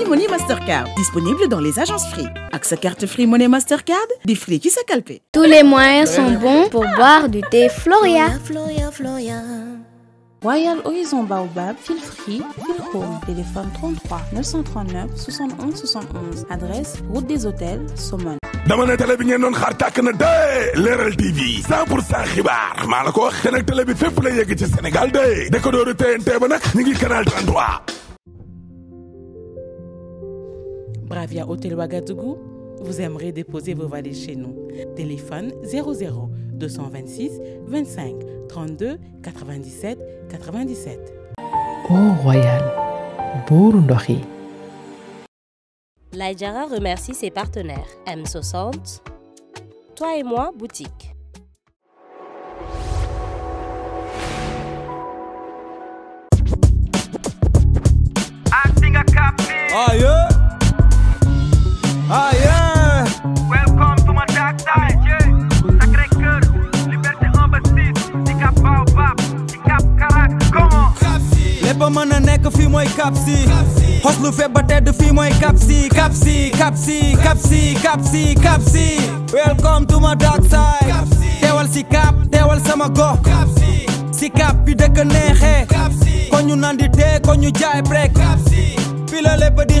Free Money Mastercard, disponible dans les agences Free. Avec carte Free Money Mastercard, des Free qui s'accalpent. Tous les moyens sont bons pour boire du thé Floria. Floria, Floria, Royal Horizon Baobab, feel free, feel home. Téléphone 33 939 71 71. Adresse Route des Hôtels, Saumon. damane télé bi ngeen doon xaar tàkk na de Leral TV 100 pour cent xibaar maa la ko wax te nag télé bi fépp la yegg ci Sénégal de décodeur TNT ba nag ñu ngi canal 33 Bravia Hotel Ouagadougou, vous aimerez déposer vos valises chez nous. Téléphone 00 226 25 32 97 97. Au Royal, la Laïdjara remercie ses partenaires M60, Toi et moi, boutique. capsi, hot lu feb de tedd Capsi Capsi Capsi Capsi Capsi Capsi Capsi welcome to my dark side teewal si cap teewal sama Capsi si cap bi de neexee ko di jaay brek Capsi la lépp di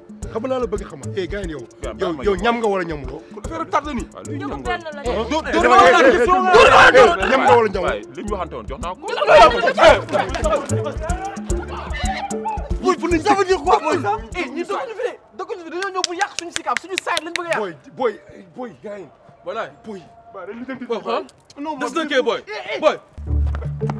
xam nga laa la bëgg xama eh gars yi yow yow ñam nga wala ñamuloo affaire tardé ni ñam nga wala ñamuloo li ñu waxante woon jox naa ko boy bu ñu jafa di quoi boy eh ñi doon ñu fi de dëkk ñu fi dañoo ñëw bu yàq suñu sikam suñu side lañ bëgg yàq boy boy boy gars yi voilà boy ba dañ li dem di boy non boy boy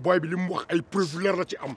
booy bi li mu wax ay preuve leer la ci am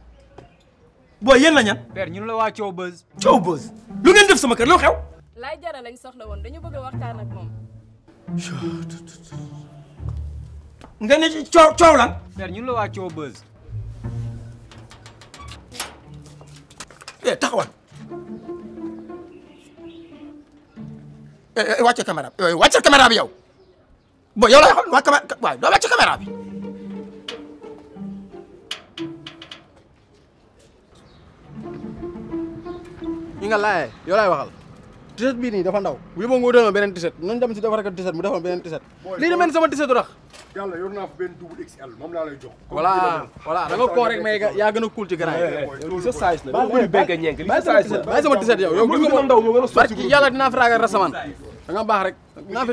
booy yéen la ñan. père ñun la waa Coow Buzz. Coow lu ngeen def sama kër lu xew. jaral jara lañ soxla woon dañu bëgg a waxtaan ak moom. nga ne ci coow coow lan. père ñun la waa Coow Buzz. eh taxawal. Eh, eh, wàcce caméra bi eh, wàcce caméra bi yow. booy yow la waxoon waa caméra bi. nga laaye yow laay waxal tiset bii nii dafa ndaw bu yóbboo nga wutal ma beneen tiset nañ dem si a tiset mu defal ma beneen tiset lii de mel sama tisetu rax yàlla yor naa fa benn double da nga koo rek mais yaa gën a kuul ci grand yi sa size sama tiset yow yow gis nga ndaw moo gën a rasaman da nga baax rek naa fi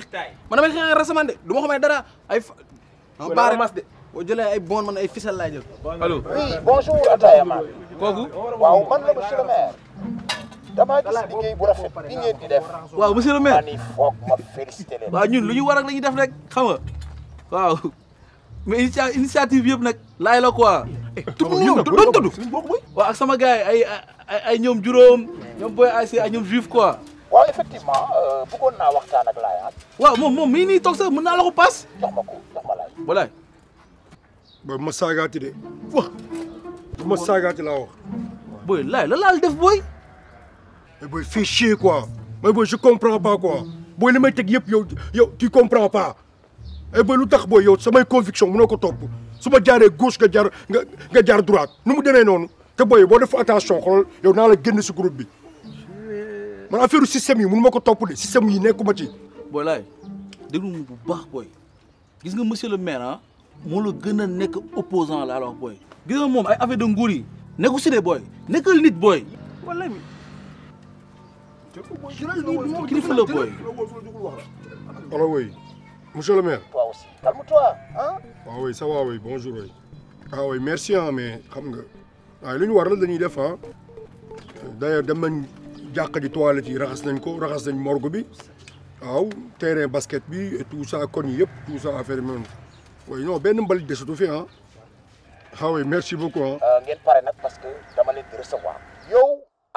man rasaman de du ma xamee dara ay dama baax rek damaa gis liggéey bu rafet bi ngeen di def. waaw monsieur le maire mani foog ma félicité leen. waaw ñun lu ñu war ak la ñuy def rek xam nga waaw mais initiative yëpp nag laay la quoi. tudd ñoom doon tudd. waaw ak sama gars yi ay ay ñoom juróom ñoom booy ASC ak ñoom juif quoi. waaw effectivement bëggoon eh, naa ya. waxtaan ak laay waaw moom moom mii nii toog sax mën naa la ko paas. jox ma ko jox ma laay. walaay. booy ma saagaati de. wax ma saagaati laa wax. Oh. booy laay la laal def booy. Mais eh boy, ben, fais chier quoi. Mais eh boy, ben, je comprends pas quoi. Boy, les mecs, tu comprends pas. Et eh ben, boy, l'outar c'est ma conviction, mon top. Si je suis gauche, je suis droite. Nous me donnons non. Te boy, boy, fais attention, yo, a le gain de ce groupe. Mon affaire du système, mon mot top, le système, il n'est comme tu. Boy, là, de nous, bah, boy. Gis nga monsieur le maire, hein, moo la gën a nekk opposant la alors boy. Dis nga moom ay affaire de nguur yi nekkul si de boy nekkal nit boy. wala kilifa la booy. alors oui monsieur le maire. toi aussi calme-toi Hein? ah. waaw oui ça va oui bonjour oui. ah oui merci ah mais xam nga waaye li ñu war la dañuy def ah. d'ailleurs demain, nañ jàkka ji toilette yi raxas nañ ko raxas nañ morgue bi waaw terrain basket bi et tout ça kon yëpp tout ça affaire moom oui non ben, benn mbalit desatu fi hein? ah oui merci beaucoup ah. ngeen pare nag parce que dama leen di recevoir Yo!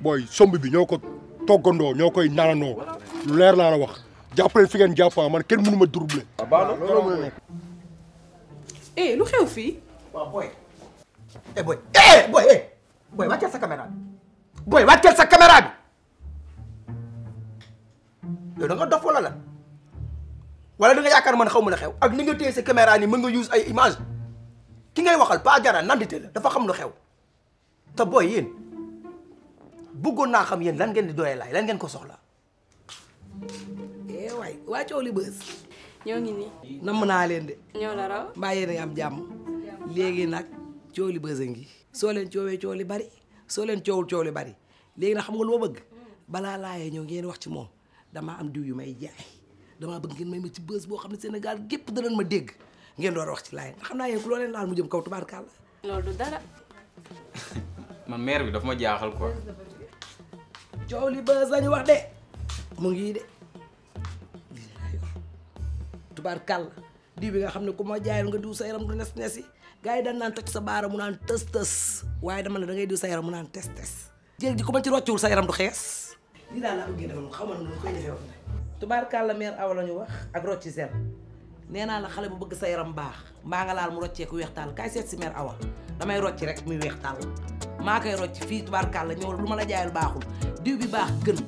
boy, sombi bi ñoko ko ñokoy ñoo koy naanandoo lu leer laa la wax jàppale fi ngeen jàpp man kenn mënu ma doublé. Ah, eh lu xew fi waaw boy eh boy eh boy eh booy wàcceel sa caméra boy booy wàcceel sa caméra bi yow da nga dof wala la wala da nga yakkar man xawmu la xew ak ni nga téye sa caméra ni mën nga use ay image ki ngay waxal pa jara nandité la dafa xam lu xew ta boy yeen bëggoon naa xam yéen lan ngeen di doyee laay lan ngeen ko soxla. eh waay waa coow li bës. ñoo ngi nii. namm naa leen de. ñoo la raw. mbaa am jàmm. léegi nag coow li bës a ngi. soo leen coowee coow li bari soo leen coowul coow li bari léegi nag xam nga lu ma bëgg. balaa laayee ñëw ngeen wax ci moom damaa am diw yu may jaay damaa bëgg ngeen may ma ci bës boo xam ne Sénégal gépp danañ ma dégg ngeen door wax ci laay xam naa yéen ku loo leen laal mu jëm kaw tubaarkàlla. loolu dara. man maire bi daf ma jaaxal quoi. jolly buzz lañu wax de mu ngi de tubarkal di bi nga xam kuma ku jaayal nga du sa yaram du nes nes gaay da nan dañ sa baara mu nan tës tës waye dama ne da ngay du sa yaram mu nan tes tes jéeg di kuma ci rocciwul sa yaram du xess lii daal la ugué dama xamal xaw ma nu koy defee tubarkal la mère aw la ñu wax ak rocci zel nee la xale bu bëgg sa yaram baax ma nga laal mu roccé ku weex kay kaay ci si mère awa damay rocci rek muy weex maa koy rocc fii tubaarkàlla ñëw lu ma la jaayal baaxul diw bi baax gën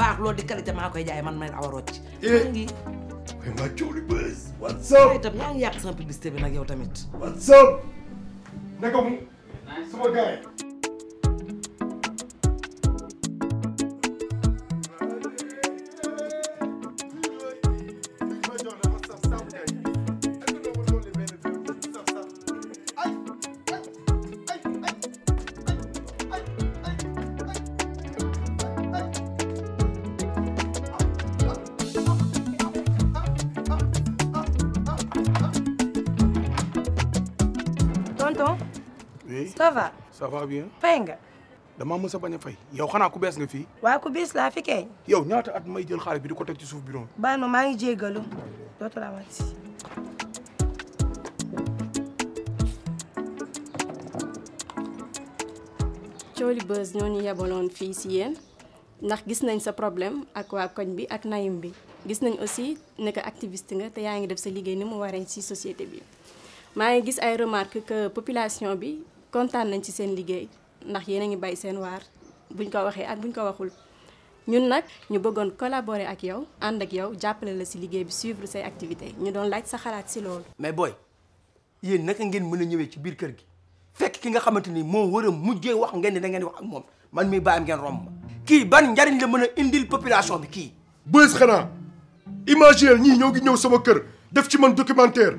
baax loolu di qualité maa koy jaay man may awa rocc eh. maa ngi maa coow li bës what's up itam yàq sama publicité bi nag yaw tamit what's up tonton. oui ça va. nga. damaa mës a bañ a fay yow xanaa ku bees nga fii. waa ku bees laa fi keeñ. yow ñaata at may jël xaalis bi di ko teg ci suuf bi noonu. baal ma maa ngi jéggalu dootul ñoo ñu yebaloon fii si yéen ndax gis nañ sa problème ak waa koñ bi ak nayim bi gis nañ aussi ne activiste nga te yaa ngi def sa liggéey ni mu waree ci société bi. Je gis ay remarque que population bi contane nañ ci seen liggéey ndax yéen a ngi seen buñ ko waxee ak buñ ko waxul ñun nag ñu bëggoon collaborer ak yow ànd ak yow jàppale la suivre activités ñu doon laaj sa xalaat mais boy yéen naka ngeen mën a ci biir kër gi a wax ngeen ni da ngeen wax ak moom man mi bàyyam ngeen romb ban la indil population bi kii. bës xanaa imaginer ñii ñoo sama kër def ci documentaire.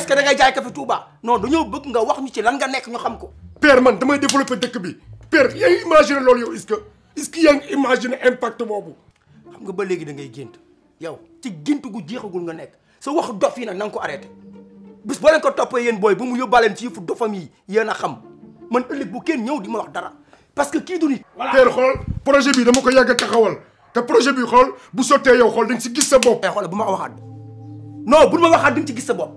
est-ce que da ngay jaay café Touba non dañu bëgg nga wax ñu ci lan nga nekk ñu xam ko. père man damay développer dëkk bi père yaa imaginer lool yow est-ce que est-ce que imaginer impact bobu xam nga ba légui da ngay gënt yow ci gënt gu jéxagul nga nekk sa wax dof yi nak nang ko arrêté bis bo len ko topé yeen boy bu mu yobalen ci yëfu dofam yi yeena xam man ëlëk bu kenn ñëw di ma wax dara parce que ki du nit. père xol projet bi dama ko yagg taxawal te projet bi xol bu soté yow xol dañ si gis sa bop eh, xol bu ma waxat non bu ma waxat dañ ci gis sa bop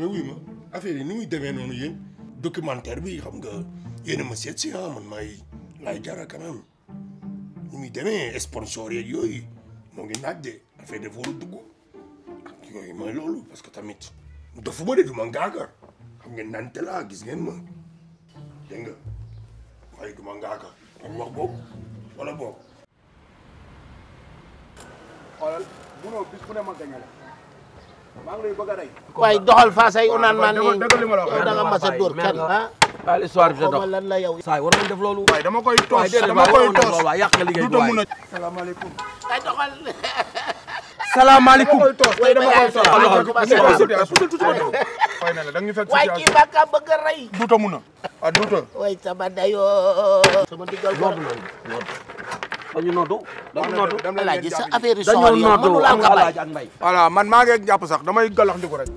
mais wuy ma affaire yi ni muy demee noonu yéen documentaire bi xam nga yéen a ma seet si ah man maay laay jara quand même ni muy demee sponsor yeeg yooyu moo ngi naaj de affaire dafa war a dugg ak yooyu mooy loolu parce que tamit dofu ba de du ma ngaaga xam ngeen nante laa gis ngeen ma dégg nga waaye du ma ngaaga dañ wax boobu wala boobu xoolal bu bis bu ne ma gañe la waaye doxal faa say unaan maa nii da nga mas a dóor kenn ah. waaw l'histoire bi da dox lan la yow. saa yi war nañ def loolu. waaye dama koy toos dama koy toos waaw yàq nga liggéey bi waay. salaamaaleykum. kay doxal. salaamaaleykum. tey dama koy toos waaye kii ba ka bëgg a rey. duuta mun na ah duuta. waay sama dayoo. sama digal ko dañu noddu dañu noddu alaaji sa yi soxal yow mënul am nga bàyyi dañoo man maa ngi jàpp sax damay galax ndiku rek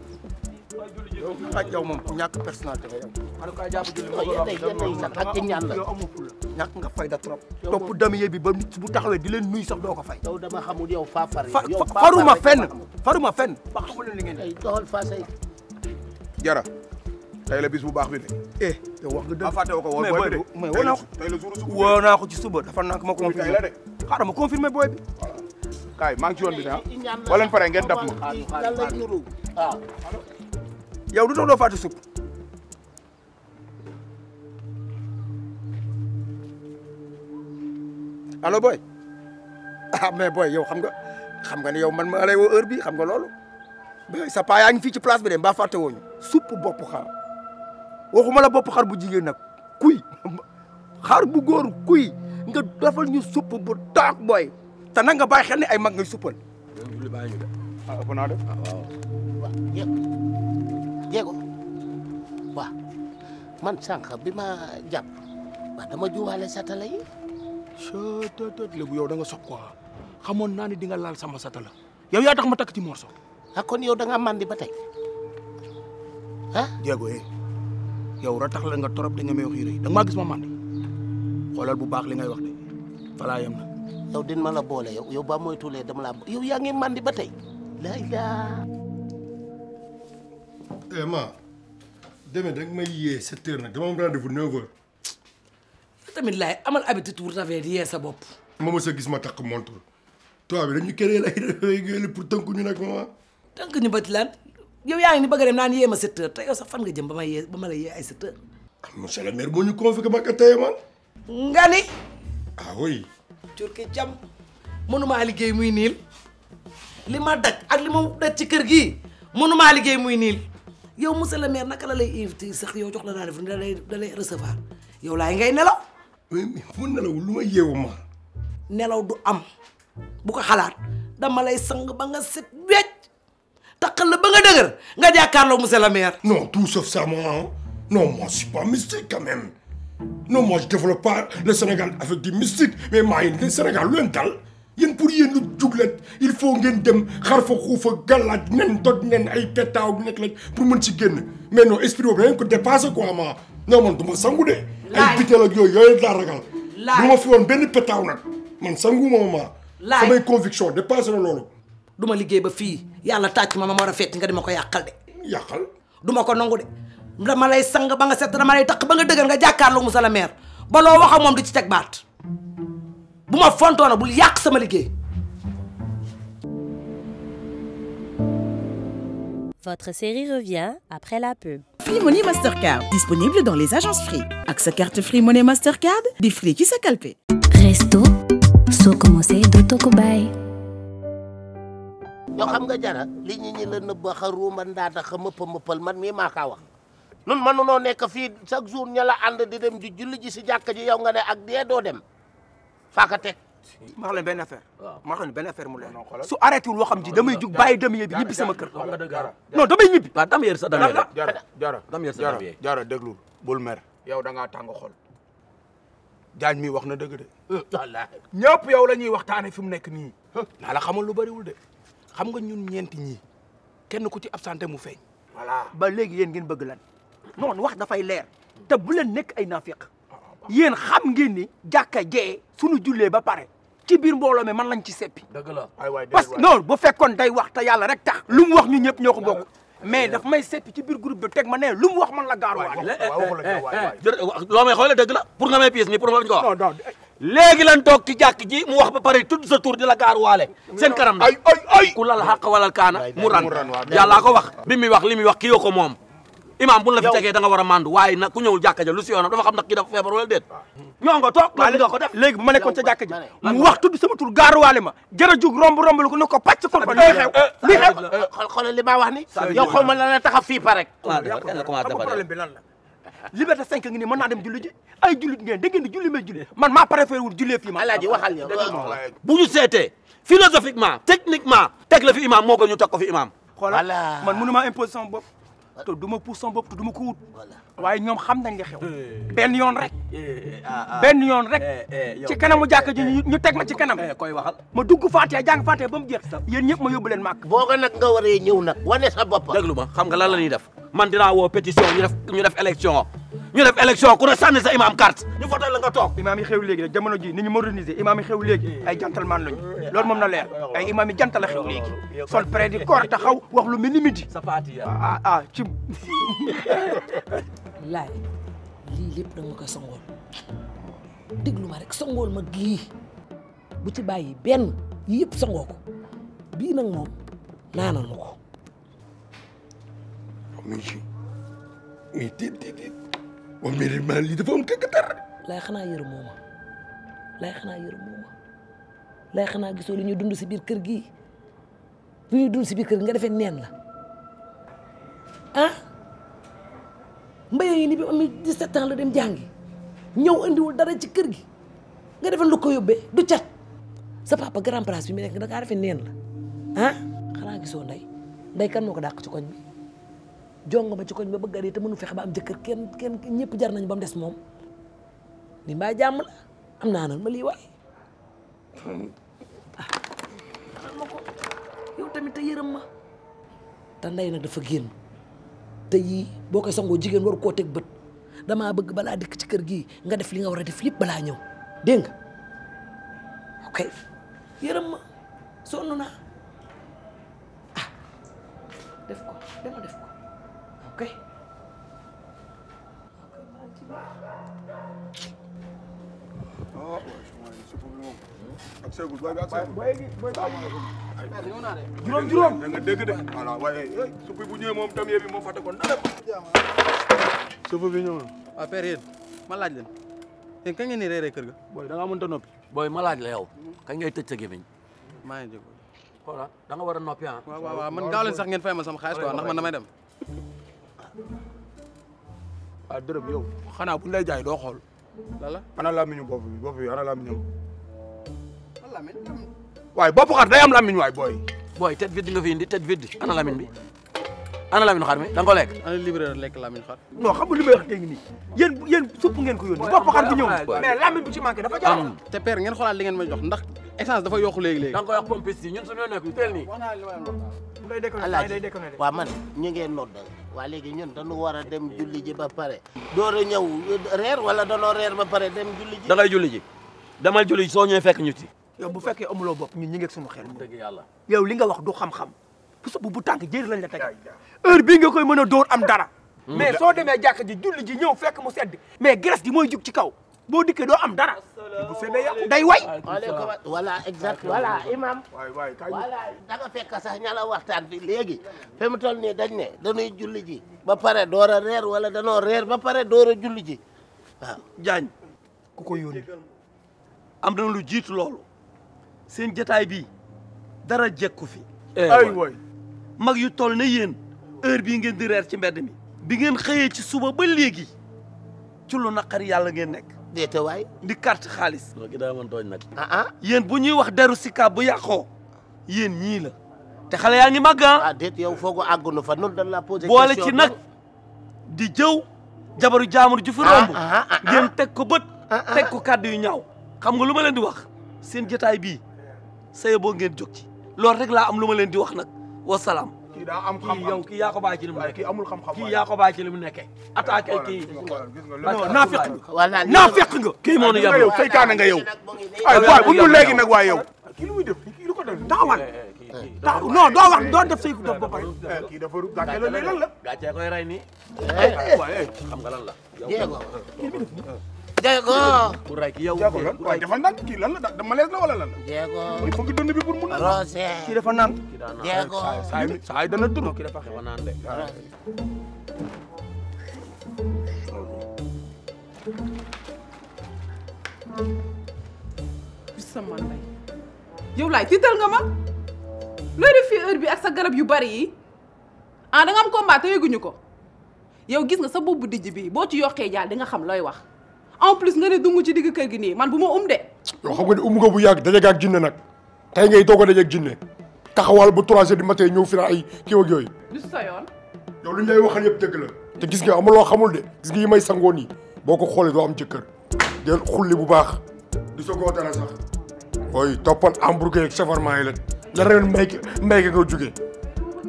ak yow moom ñàkk personnalité nga yow en tout cas jàpp julli sax ak ci ñaan la ñàkk nga fayda trop topp damier bi ba nit bu taxawee di leen nuyu sax doo ko fay yow dama xamul yow faa far faruma fenn faruma fenn ba xamul fa say jara tey la bis bu eh yow wax nga ko bi mais ko la jour su ko ci suba dafa ma la allo boy ah mais ya boy yow xam nga xam nga ni yow man ma lay wo heure bi xam nga lolu mais sa pa yaangi fi ci place bi dem ba woñu soupe bop waxuma la bop xar bu jigen nak kuy xar bu gor kuy nga dafal ñu supp bu taak boy ta na nga bay xel ni ay mag ngay suppal. loolu Wah, ñu ah ëpp naa de. Ah, waaw. waaw jéego man sànq bi ma jàpp waaw dama juwaale satala yi. chut léegi yow da nga sob quoi xamoon naa di nga lal sama satala yow yaa tax ma takk ci morso. ah kon yow da nga màndi ba ah? eh yow tax la nga torop nga may wax yi da nga gis ma mandi xolal bu baax li ngay wax de fala yam na yow din mala bolé yow yow ba moy tulee dama la yow ya ngi mandi ba tay la ila eh ma deme rek may yé 7h nak dama am rendez-vous 9h tamit lay amal habitude wu ta di yee sa bopp ma mos a gis ma tak montre toi bi dañu këreel ay réveil pour tanku ñu nak mama tanku ñu bati yow yaangi ni bëgg dem naan yéema sept heures te yow sax fan nga jëm ba may yee ba ma la yee ay sept heures monsieur sala maire moo ñu convoqué ma ka tey man nga ni ah oui turki jam mënuma liggéey muy niil li ma dag ak li ma daj ci kër gi mënuma liggéey muy niil yow monsieur le maire naka la lay invité sax yow jox la na def da lay da lay recevoir yow lay ngay nelaw mu nelaw lu ma yeewu ma nelaw du am bu ko xalaat dama lay sang ba nga set wecc taqal la ba nga dëgër nga jàkkaarloo monsieur le maire. non tout sauf serment hein non moi je suis pas mystique quand même non moi je développe pas le Sénégal avec du mystique mais ma ngi le Sénégal lu dal yéen pour yéen lu juglet il faut ngeen dem xar fa xuufa gàllaaj nen doj nen ay pétaw nekk lañ pour mën ci génn mais non esprit boobu dangeen ko dépasser quoi ma non man du ma sangu de. ay biteel ak yoy yoy laa ragal. laaj ma fi won ben pétaw nak man sangou ma ma. samay conviction dépassé na loolu. du ma liggéey ba fii yalla tàcc ma ma war a nga di ma ko yàqal de. yakal du ma ko nangu de dama lay sang ba nga set dama lay tak ba nga deugal nga jàkkaarloo monsieur le mer ba lo waxa mom du ci tek bat buma fontona fontoona bul yàq sama liggéey. Votre série revient après la pub. Free Money Mastercard, disponible dans les agences Free. Avec sa carte Free Money Mastercard, des free qui s'accalpent. Resto, so commencé de Tokobay. yow xam nga jara li ñi ñi la nëbba xa ruuma ndaata xa mëppa mëppal man mii maa kaa wax nun mënunoo nekk fii chaque jour ña la ànd di dem ji julli ji si jàkka ji yow nga ne ak dee doo dem faaka teg maa xam ne benn affaire maa xam ne benn affaire mu leer su arrêté wul waxam ji damay jug bàyyi damier bi ñibbi sama kër non damay ñibbi waaw damier sa damier jara jara damier sa damier jara déglul bul mer yow da ngaa tàng xol jaañ mi wax na dëgg de wallaahi ñëpp yow la ñuy waxtaane fi mu nekk nii naa la xamal lu bariwul de xam nga ñun ñeenti ñi kenn ku ci absenté mu feeñ. voilà ba léegi yéen ngeen bëgg lan noonu wax dafay leer te bu leen nekk ay naafiq yéen xam ngeen ni jàkka jee suñu jullee ba pare ci biir mbooloo mi man lañ ci seppi. dëgg la aywaay parce que non bu fekkoon day wax te yàlla rek tax. lu mu wax ñu ñëpp ñoo ko bokk. mais daf may seppi ci biir groupe ma ne lu mu wax man la gaar waay. loo may xoolee dëgg la pour nga may pièce nii pour nga bañ ko léegi lan toog ci jàkk ji mu wax ba pare tudd sa tur di la gaar waale seen kanam la ay ay ay ku lal kaana mu ran yàllaa ko wax bi muy wax li muy wax kii yoo ko moom imaam bu la fi tegee da nga a mandu waaye na ku ñëwul jàkka ja lu si yoonam dafa xam nag kii dafa feebar wala déet ñoo nga toog loolu nga ko def léegi bu ma nekkoon ca jàkka mu tur gaar waale ma jërë jug romb romb lu ko ne ko pàcc ko fa looy li ma wax ni yow xaw ma la la taxa fii pa rek problème bi lan la liberté 5 ngi nii mën naa dem julli ji ay jullit ngeen da ngeen di julli may julli man maa préféré wul jullee fii ma alaaji waxal yow bu ñu seetee philosophiquement techniquement teg la fi imam moo ko ñu teg ko fi imam xoolal man mënu ma imposer sama bopp te du ma pousse sama bopp te du wut waaye ñoom xam nañ li xew eh, eh. benn yoon rek eh, ah, ah. benn yoon rek ci kanamu jàkk ji ñu teg ma ci kanam koy waxal ma dugg Faatiha jàng Faatiha ba mu jeex yéen ñëpp ma yóbbu leen boo ko nag nga waree ñëw nag wane sa bopp déglu ma xam nga lan la ñuy def man dinaa woo pétition ñu def ñu def élection ñu def élection ku ne sànni sa imaam carte ñu voté la nga toog imaam yi xew léegi nag jamono ji ni ñu moderniser imaam yi xew léegi ay gentleman lañu loolu moom na leer ay imaam yi jantal la xew léegi sol près du corps taxaw wax lu mel ni midi ah, ah ah ci laay lii lépp danga koy songool déglu ma rek songool ma lii bu ci bàyyi benn yii yëpp songoo ko bii nag moom naanal ma ko mi ngi ci muy tiit tiit tiit moom mii dañ maa lii dafa am këkkatar. laay xanaa yërëm moo ma laay xanaa yërëm gisoo li ñuy dund si biir kër gi li ñuy dund si kër gi nga defee neen la ah mbayoo yi ni bi amee 17 ans la dem jàngi ñëw andiwul dara ci kër gi nga defee lu ko yóbbee du cat sa papa grand place bi mu nekk da ngaa neen la ah xanaa gisoo nday nday kan moo ko dàq ci koñ bi. jongo ma ci koñ ba bëgg a dee te mënu fexe kenn kenn ñëpp jar nañu ba mu des moom ni mbaa jàmm la am naa nal ma lii waay ah. yow tamit te yërëm ma te ndey nag dafa génn te yii boo koy sangoo jigéen waru koo teg bët damaa bëgg balaa dikk ci kër gi nga def li nga war a def lépp balaa ñëw dégg nga ok yërëm ma sonn naa ah Oke. Oh, juróom juróom da Aku dégg de aku waaye suuf bu ñëwee moom tam yee bi moo fàtte kon dara suuf bi ñëw na waaw père yéen ma laaj leen yéen kañ ngeen ni reeree kër ga booy da nga mënta noppi booy ma laaj la yow kañ ngay tëj sa gémmiñ maa ngi jégo xoola da nga war a noppi ah waaw sama xaalis quoi ndax man damay dem waaw ah, dërëm yow xanaa bu ñu lay jaay doo xool. lala ana làmmiñu bopp bi bopp bi ana làmmiñam. waaye bopp xar day am làmmiñ waay booy. booy tête vide nga fi indi tête vide ana làmmiñ bi. ana Lamine xar mi da nga ko lekk ana livreur lek Lamine xar no xam nga li may wax tay ni yeen yeen supp ngeen ko yoni bop xar bi ñew mais Lamine bu ci manké dafa jox té père ngeen xoolaat li ngeen ma jox ndax essence dafa yokk léegi léegi da nga wax pompes yi ñun suñu nekk yu teel nii day déconné day déconné waaw man ñi ngeen nodd wa léegi ñun dañu wara dem julli ji ba paré door a ñëw reer wala dañu reer ba paré dem julli ji da ngay julli ji damal julli so soo fekk ñuti yow bu fekke amulo bop ñun ñi ngeeg suñu xel dëgg yalla yow li nga wax du xam-xam puso bu bu tànk jëri lañ la tegal heure bii nga koy mën a dóor am dara mm. mais soo demee jàkk ji julli ji ñëw fekk mu sedd mais graisse gi mooy jug ci kaw boo dikkee doo am dara bu seddee yàqu day way voilà exact voilà imam voilà da nga fekk sax ña la waxtaan fi léegi fi mu toll nii dañ ne dañuy julli ji ba pare door a reer wala danoo reer ba pare door a julli ji waaw jaañ ku ko yónni am na lu jiitu loolu seen jotaay bi dara jekku fi eh, ay way mag yu toll na yéen heure bii ngeen di reer ci mbedd mi bi ngeen xëyee ci suba ba léegi ci lu naqari yàlla ngeen nekk déete di kart xaalis gi daa mën tooñ nag ah, ah. yéen bu ñuy wax deru sikaab bu yàqo yéen ñii la te xale yaa ngi màgg ah. ah déet yow foogu àggunu fa noonu dañ la posé boole ci nag di jëw jabaru jaamur ju fi romb ngeen teg ko bët teg ko kàddu yu ñaaw xam nga lu ma leen di wax seen jotaay bii saye boo ngeen jóg ci loolu rek laa am lu ma leen di wax nag wa salaam. kii daa am xam-xam kii yow kii yaa ko bàyyi ci li mu nekkee kii amul xam-xam kii yaa ko bàyyi ci li mu nekkee. attaqué kii naafiq nga naafiq nga. kii moo ñu yem yow seytaane yow. léegi nag waay yow. kii lu muy def kii lu ko def taxawal. tax eh, eh, non doo def say dof ba pare. Eh, kii dafa gàcce la lan la. gàcce koy rey nii. xam nga lan la. jéego. jeego kuray ki yow kuray dafa ndànk kii lan la da malaise la wala lan la iya, jeego mooy fëgg dënd bi pour mu naan rosé kii dafa naan iya, jeego saay dana dund kii dafa xewa naan de bisama lay yow laay tiital nga ma looy def fii heure bi ak sa garab yu bari yi ah da nga am combat te yëguñu ko yow gis nga sa boobu dijj bi boo ci yokkee jaal di ya, nga xam wax en plus nga ne dungu ci digg kër gi nii man bu ma um de. yow xam nga ne um nga bu yàgg dajeeg ak jinne nag tey ngay doog a dajeeg jinne taxawal bu trois heures du ñëw fi ay kii ak yooyu. lu si ñu lay waxal yëpp dëgg la te gis nga amuloo xamul de gis nga yi may sangoo nii boo ko xoolee doo am jëkkër del xulli bu baax di sogoo sax. ooy toppal hamburger ak shawarma yi la la ren mbay mbay nga jógee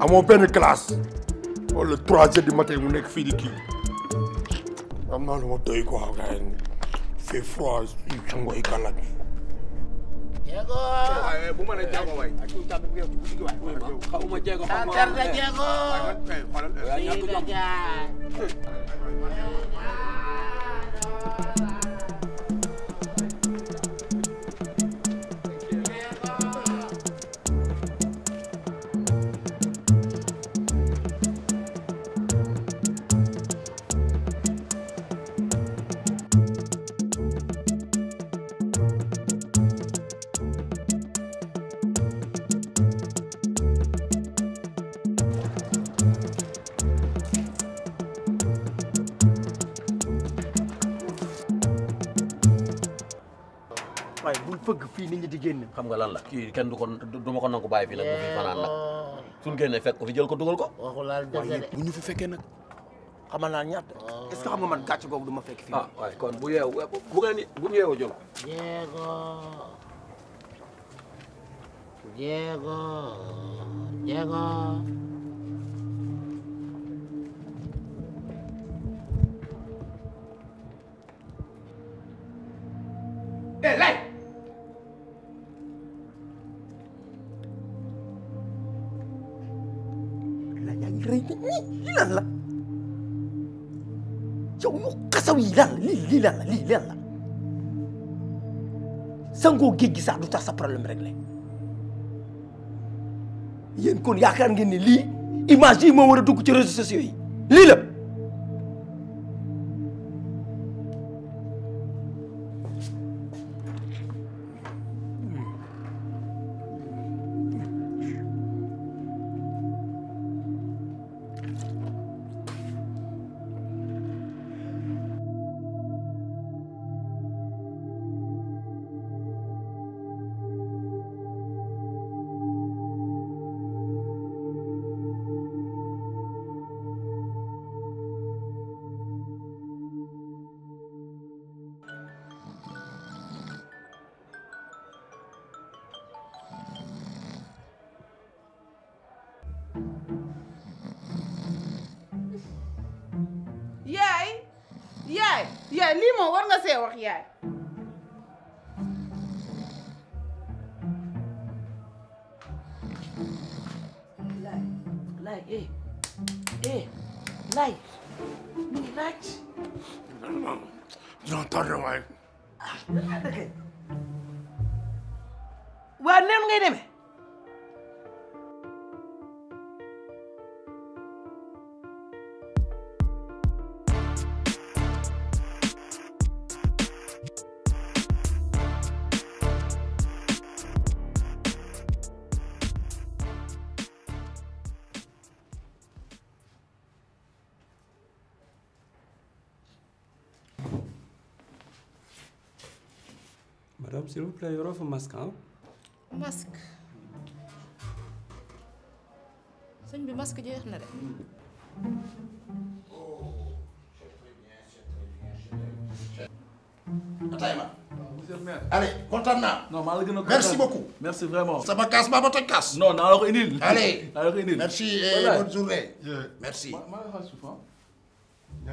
amoo benn classe wala trois heures du mu nekk fii di kii. 남나는 것도 있고 하긴 februar sungguh ikan lagi. Diego. Eh, mau eh, Diego. fëgg fii nit ñi di génn. xam nga lan la kii kenn du ko du ma ko nangu bàyyi fii nag mu fi fanaan nag fekk ko fi jël ko dugal ko. waxul laal bu ñu fi fekkee nag xamal naa ñatt oh. est-ce que xam nga man gàcce googu du ma fekk fii. ah waaye kon bu yeewu bu ngeen ni bu ñu lan la lii lan la sangoo géej gi sax du tax sa problème réglé yéen kon yaakaar ngeen ne lii image yi moo war a dugg ci réseaux sociaux yi lii la. Hey, hey, light. night, you Don't touch your wife. Well, name get him. masque masque masque allez non merci beaucoup. merci vraiment. Ça va casse ma casse. non non. allez merci et eh, bonne journée. merci. Hein.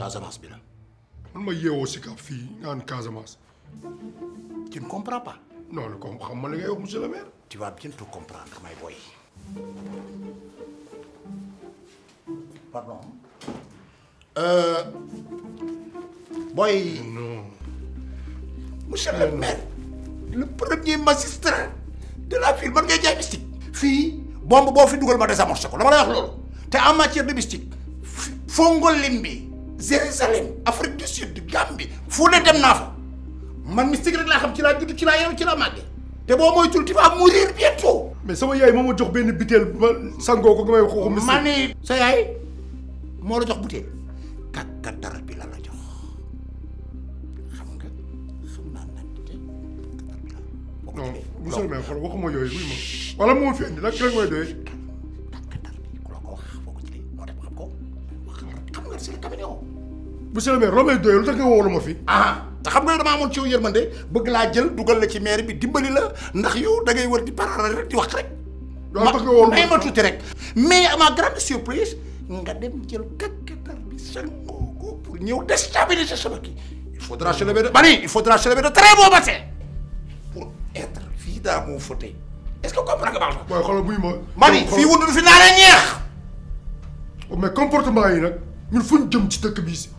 Casamance bi la. man ma yeewoo Sicap fii nga naan Casamance. tu ne comprends pas. non non comme xam ma li ngay wax monsieur le maire. tu vas bientôt comprendre my boy. pardon. Euh... boy. non. monsieur le maire. le premier magistrat de la ville man ngay jaay mystique. fii bombe boo fi dugal ma désamorcé ko dama lay wax loolu. te en matière de mystique. fongol limbi. Jérusalem Afrique du Sud Gambie fu ne dem naa fa man mystique rek laa xam ci laa judd ci laa yow ci laa màggee te boo moytul tu vas mourir bientôt. mais sama yaay moo ma jox benn butéel ba sangoo ko nga may waxoo mystique. ma ni sa yaay moo la jox butéel kàkkatar bi la la jox xam nga xam naa naan te kàkkatar bi la. non musal waxuma yooyu muy ma wala moo fi indi nag ki la may bu le maire may doyee lu tax nga woo ma fi. ah te xam nga damaa amoon ci yow yërmande bëgg laa jël dugal la ci maire bi dimbali la ndax yow da ngay wër di parler rek di wax rek. loolu tax nga woo ma may ma tuuti rek. mais à ma grande surprise nga dem jël kakkatar bi sangoo ko pour ñëw déstabiliser sama kii. il faudra se lever de bari il faudra se lever de très beau matin pour être fii daa moo fauteuil est-ce que nga baax la ñeex. Oh, mais comportement yi nag ñun fuñ jëm ci dëkk bii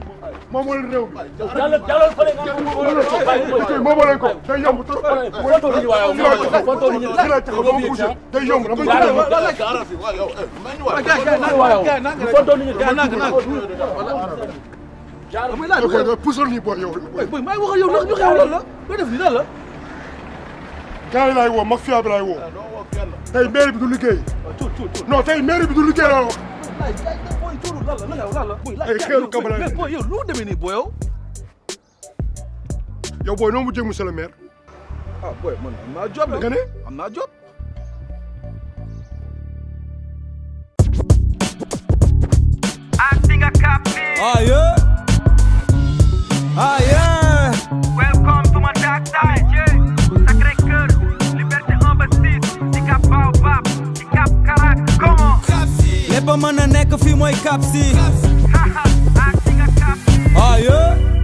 moom moo leen réew mi. jàllale jàllale fële nga xam ne moom moo leen ko bàyyi ko bàyyi ko moom moo leen ko day yomb trop. foto nit ñi waaw foto nit ñi la gis nga bougé day yomb da nga koy def. waaw gars gars naa nga foto nit ñi gars naa nga naa jaarale. damay laaj booy yow puusal nii booy yow. booy maa ngi wax ak yow ñu xew loolu la loo def nii lan la. gars yi laay woo mafia bi laay woo. tey mairie bi du liggéey. non tey mairie bi du liggéey laa wax. churu lala, nanga lala, boy, like hey, that. Hey, kabala. eu não you rude me ni boy. Yo boy, no mujhe musala mer. Ah boy, man, I'm not job. Gane? I'm not job. I think I Ah yeah. Ah yeah. Welcome to my dark side, yeah. Sacré cœur, liberté en bastide, cap pau pap, cap caraca, come on. Hype on the neck, a few more capsi. Ah, yeah.